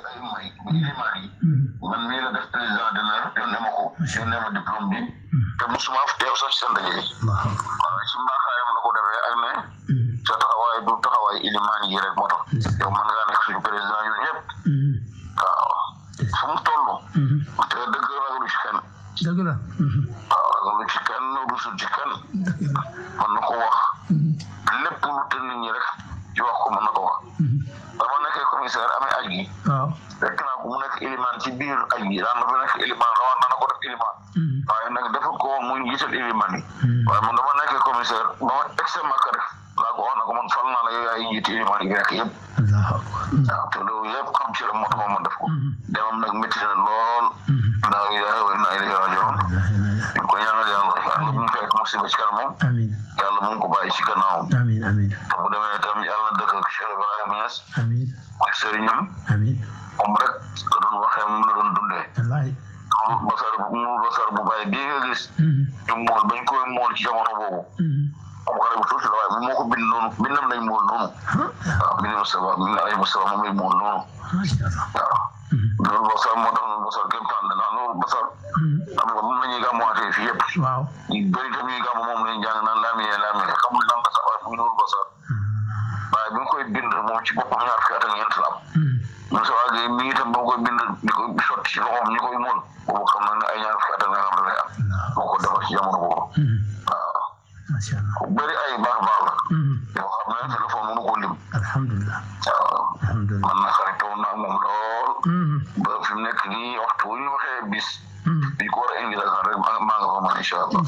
ay may muy limaa yi man mii la def président d'honneur yónnee ma ko yónnee ma diplôme bi mm-hmm. te musuma teew sax ci seen daje yi waaw ci mbaaxaayam la ko defee ak ne mm-hmm. sa taxawaay du taxawaay ilimaan yi rek moo tax mm-hmm. yow mën ngaa nekk président ñun ñëpp waaw fu mu toll te dëgg ragalu ci kenn dëgg la waaw ragalu ci kenn rusul ci ko wax lépp lu tënk nit ñi rek ci wax ko mën na ko wax dama nekkee commissaire amee mu nekk ilimaan ci biir aj gi daan nekk ilimaan rawat na def ilimaan mm-hmm. waaye nag defu ko muy njiital ilimaan mm-hmm. waaye man dama nekk commissaire ma egce màkk rek laa ko wax na ko man fal naa la yow yaay njiiti ilimaan yi nekk yëpp mm-hmm. waaw te loolu yëpp xam ci la moo tax ma def ko demam nag métti na lool naa ilaaha wa innaa ilayhi raaji'uun ñu ko ñaanal yàlla yàlla bu mu fekk a ci kanamam yàlla bu mu ko bàyyi ci gannaawam te bu demee tam yàlla dëkk ak Cheikh moom rek a doon waxee moom la doon dundee moom basar moom basar bu bàyyi bii nga gis ñu mm-hmm. mool bañ koy mool ci jamono boobu moom xale bu tuuti la waaye bu moo ko bind noonu bindam lañ mool noonu a bindi Moustapha bind ay Moustapha moom mool noonu waaw mm-hmm. loolu basar moo tax noonu basar kenn tànn naa loolu basar mm-hmm. xam nga moom la ñuy gàmmuwaatee fii yëpp ñu bëri tam ñuy gàmmu moom naan bind moom ci boppam ñaar fukki at ak ñeent la am. ñun sa waa mi ngi itam ba mu koy bind di ko sotti ci loxoom ñu koy mën boobu xam na ne ay ñaar fukki at ak ñaar lay am. moo hmm. ko defar ci jamono boobu. Hmm. ay baax a baax la. Hmm. xam ne téléphone mënu ko lim. alhamdulilah man na xaritoon naa moom lool. fi mu nekk nii waxtu wu ñu waxee bis. di ko a indi la incha allah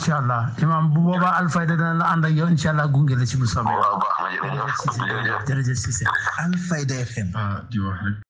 incha allah bu boobaa Alfayda dana la ànd ak yow allah gunge la ci bu soobee. waaw baax na Alfayda FM. Ah,